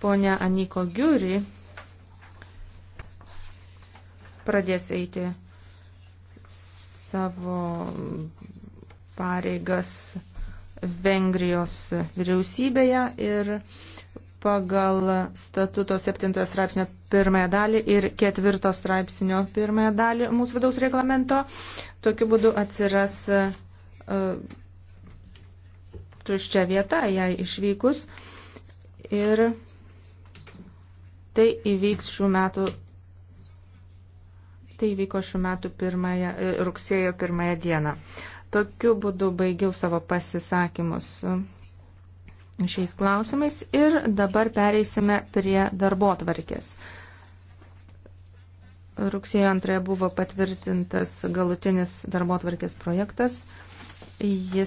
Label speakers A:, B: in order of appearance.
A: ponia Aniko Giuri pradės eiti savo pareigas Vengrijos vyriausybėje ir pagal statuto 7 straipsnio pirmąją dalį ir 4 straipsnio pirmąją dalį mūsų vidaus reglamento. Tokiu būdu atsiras uh, tuščia vieta, jai išvykus. Ir Tai įvyks šių metų. Tai vyko šių metų pirmąją, e, rugsėjo pirmąją dieną. Tokiu būdu baigiau savo pasisakymus e, šiais klausimais ir dabar pereisime prie darbo tvarkės. Rugsėjo antrąją buvo patvirtintas galutinis
B: darbo tvarkės projektas. Jis